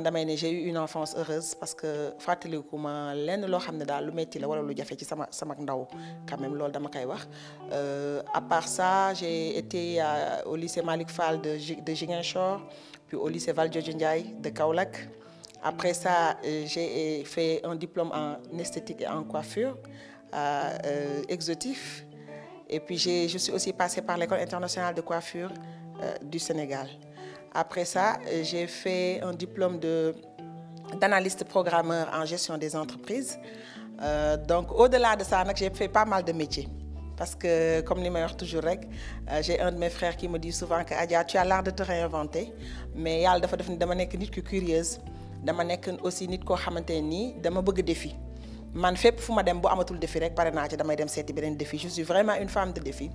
man j'ai eu une enfance heureuse parce que fàttaliku ne lu metti la wala lu jafe ci sama ndaw quand même dama euh, à part ça j'ai été au lycée Malik Fall de de puis au lycée Val Ndiaye de Kaolack après ça euh, j'ai fait un diplôme en esthétique et en coiffure à euh, euh, Exotif et puis j'ai je suis aussi passée par l'école internationale de coiffure du Sénégal après ça, j'ai fait un diplôme d'analyste programmeur en gestion des entreprises. Euh, donc, au-delà de ça, j'ai fait pas mal de métiers. Parce que, comme les meilleurs toujours, euh, j'ai un de mes frères qui me dit souvent que Adia, tu as l'art de te réinventer. Mais il y a le fait de je suis curieuse. Je suis aussi une a des défis man fépp fu ma dem bu amatul défi rek paré na ci damay dem séti benen défi je suis vraiment une femme de défi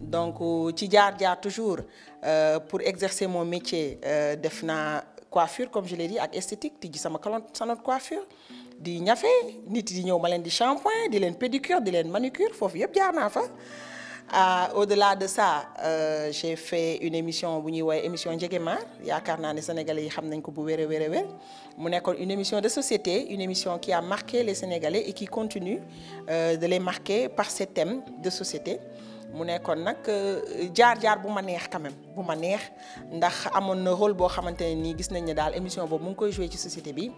donc euh, ci jaar-jaar toujours euh, pour exercer mon métier euh, def naa coiffure comme je l'ai dit ak esthétique ti sama salon salon de coiffure di ñafe nit di ñew ma leen di shampoing di len pédicure di len manucure foofu yëpp jaar na fa. Euh, au-delà de ça euh, j'ai fait une émission bu ñuy émission Njegemaar yaakaar naa sénégalais yi xam ko bu wér a wér a wér mu une émission de société une émission qui a marqué les sénégalais et qui continue euh, de les marquer par ses thèmes de société mu nekkoon nag jaar-jaar bu ma neex quand même bu ma neex ndax amoon na rôle boo xamante ne nii gis nañ ne daal émission boobu mu ngi koy jouer ci société bi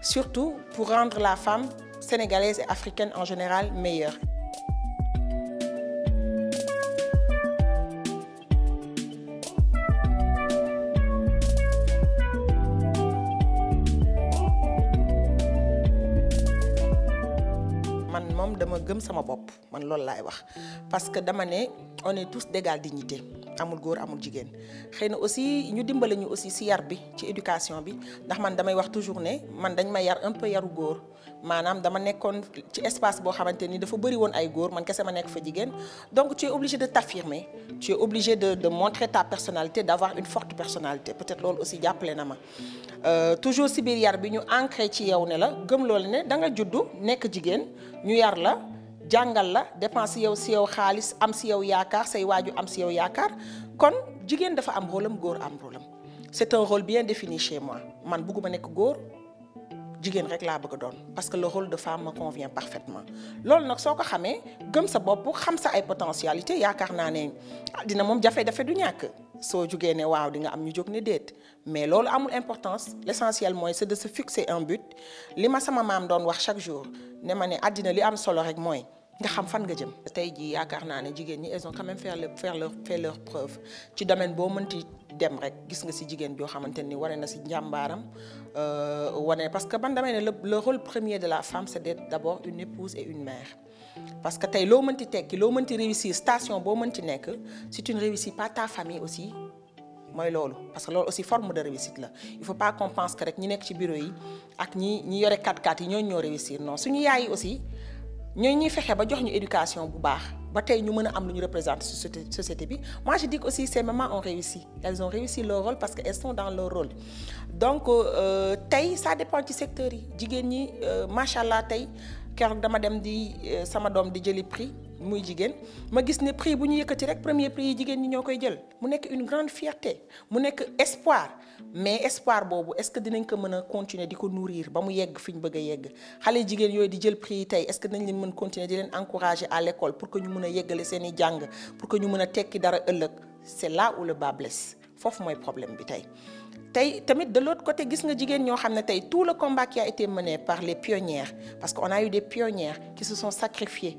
surtout pour rendre la femme sénégalaise et africaine en général meilleure man dama gëm sama man parce que dama on est tous d'égale dignité amul sommes amul jigen aussi ñu aussi ci bi ci éducation bi ndax man toujours man dañ un peu manam dama nekkoon ci espace bo xamanteni dafa bëri won ay góor man kessa ma nekk fa jigéen donc tu es obligé de t'affirmer tu es obligé de de montrer ta personnalité d'avoir une forte personnalité peut-être loolu aussi jàppale na euh, toujours si yar bi ñu ancré ci yow ne la gëm loolu ne da nga juddou nekk jigéen ñu yar la jangal la dépense yow si yow xaliss am si yow yaakar say waju am si yow yaakar kon jigéen dafa am rôlam góor am rôlam c'est un rôle bien défini chez moi man bëgguma nekk góor jigen rek la bëgg doon parce que le rôle de femme me convient parfaitement loolu nag soo ko xamee gëm sa bopp xam sa ay potentialité yaakaar naa ne ah, dina moom jafe-jafe du ñàkk soo jugee ne waaw di nga am ñu jóg ne déet mais loolu amul importance l'essentiel mooy c'est de se fixer un but li ma sama maam doon wax chaque jour ne ma ne àddina li am solo rek mooy nga xam fan nga jëm. tey jii yaakaar naa ne jigéen ñi elles ont quand même faire leur faire leur faire leur preuve ci domaine boo mënti dem rek gis nga si jigéen joo xamante ni wane na si njàmbaaram euh, wane parce que ban damay ne le rôle premier de la femme c'est d'être d'abord une épouse et une mère parce que tey loo mënti tekki loo mënti réussir station boo mënti nekk si tu ne réussis pas ta famille aussi mooy loolu parce que loolu aussi forme de réussite la il faut pas qu'on pense que rek ñi nekk ci bureau yi ak ñi ñi yore 4 4 yi ñooñu ñoo réussir non suñu yaay yi aussi ñooñu ñuy fexe ba jox ñu éducation bu baax ba tey ñu mën a am lu ñu représente société société bi moi je dis que aussi ces mamans ont réussi elles ont réussi leur rôle parce que elles sont dans leur rôle donc euh, tey ça dépend du secteur yi jigéen ñi euh, macha allah tey keroog dama dem di euh, sama doom di jëli prix muy jigéen ma gis ne prix bu ñu yëkkati rek premier prix yi jigéen ñi ñoo koy jël mu nekk une grande fierté mu nekk espoir mais espoir boobu est-ce que dinañ ko mën a continuer di ko nourrir ba mu yegg fi ñu bëgg a yegg xale jigéen yooyu di jël prix yi tey est-ce que dinañ leen mën continuer di leen encourager à l'école pour que ñu mën a yeggale seen i jàng pour que ñu mën a tekki dara ëllëg c'est là où le bas blesse foofu mooy problème bi tey. tey tamit de l'autre côté gis nga jigéen ñoo xam ne tey tout le combat qui a été mené par les pionnières parce que on a eu des pionnières qui se sont sacrifiées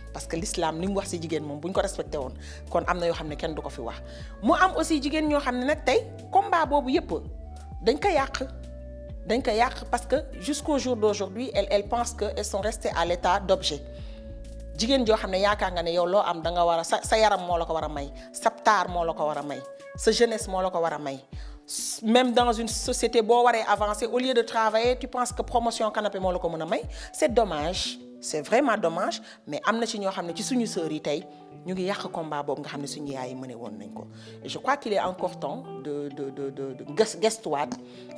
parce que l'islam li wax ci jigen mom buñ ko respecté won kon amna yo xamné kenn du ko fi wax mu am aussi jigen ño xamné ne tay combat bobu yépp dañ ko yak, dañ ko yàq parce que jusqu'au jour d'aujourd'hui elle pense pense que elles sont restées à l'état d'objet jigen joo xamné ne yaakaar nga yow lo am da nga wara sa yaram mo la ko may sa tar mo la ko may sa jeunesse mo la ko may même dans une société bo waré avancer au lieu de travailler tu penses que promotion canapé mo la ko may c'est dommage c'est vraiment dommage mais amna ci ñoo xamné ci suñu sœur yi tay ñu ngi yak combat boobu nga xamné suñu yaay mëne won nañ ko je crois qu'il est encore temps de de de de gestuwaat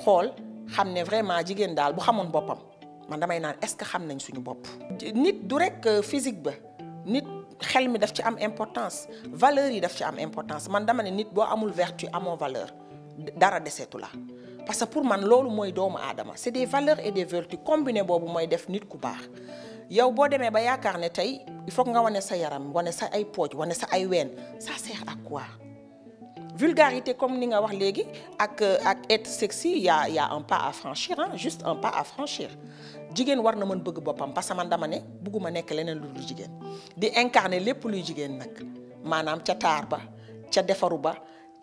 xool xam ne vraiment jigen dal bu xamone bopam man damay naan est-ce que xam nañ suñu bop nit du rek euh, physique ba nit xel mi daf ci am importance valeur yi daf ci am importance man dama né nit bo amul vertu amoo valeur dara deseetu la. parce que pour man lolu moy doomu adama c'est des valeurs et des vertus combinées boobu moy def nit ku baax yow boo demee ba yaakaar ne tey il faut nga wane sa yaram wane sa ay pooj wane sa ay ween ça sert à quoi vulgarité comme ni nga wax léegi ak ak être sexy y a y a un pas à franchir hein, juste un pas à franchir jigéen war na mën bëgg boppam parce que man dama ne bëgguma nekk leneen lu dul jigéen di incarner lépp luy jigéen nag maanaam ca taar ba ca defaru ba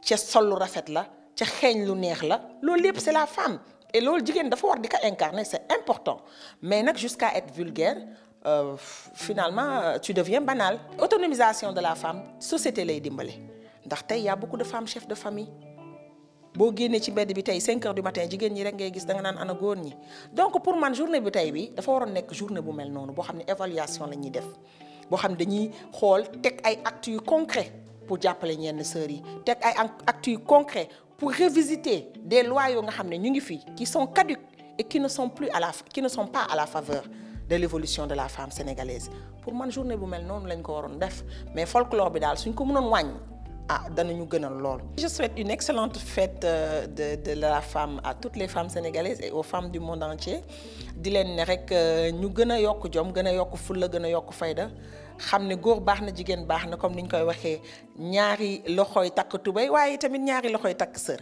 ca sollu rafet la ca xeeñ lu neex la loolu c'est la femme et loolu jigéen dafa war di incarner c'est important mais nag jusqu'à être vulgaire euh, finalement euh, tu deviens banal. autonomisation de la femme société lay dimbalé. ndax il y a beaucoup de femmes chefs de famille boo génnee ci mbedd bi 5 heures du matin jigéen ñi rek ngay gis da nga ana donc pour man journée bi il bi dafa une journée bu mel noonu évaluation la ñuy def boo xam ay actes yu concret pour jàppale ñenn sœurs yi teg ay actes yu concret pour revisiter des lois qui sont caduques et qui ne sont plus à la qui ne sont pas à la faveur de l'évolution de la femme sénégalaise pour man journée bu mais folklore ah, je souhaite une excellente fête euh, de la femme à toutes les femmes sénégalaises et aux femmes du monde entier ne euh, xam ne góor baax na jigéen baax na comme ni ñu koy waxee ñaari loxooy takk tubéy waaye tamit ñaari loxooy takk sër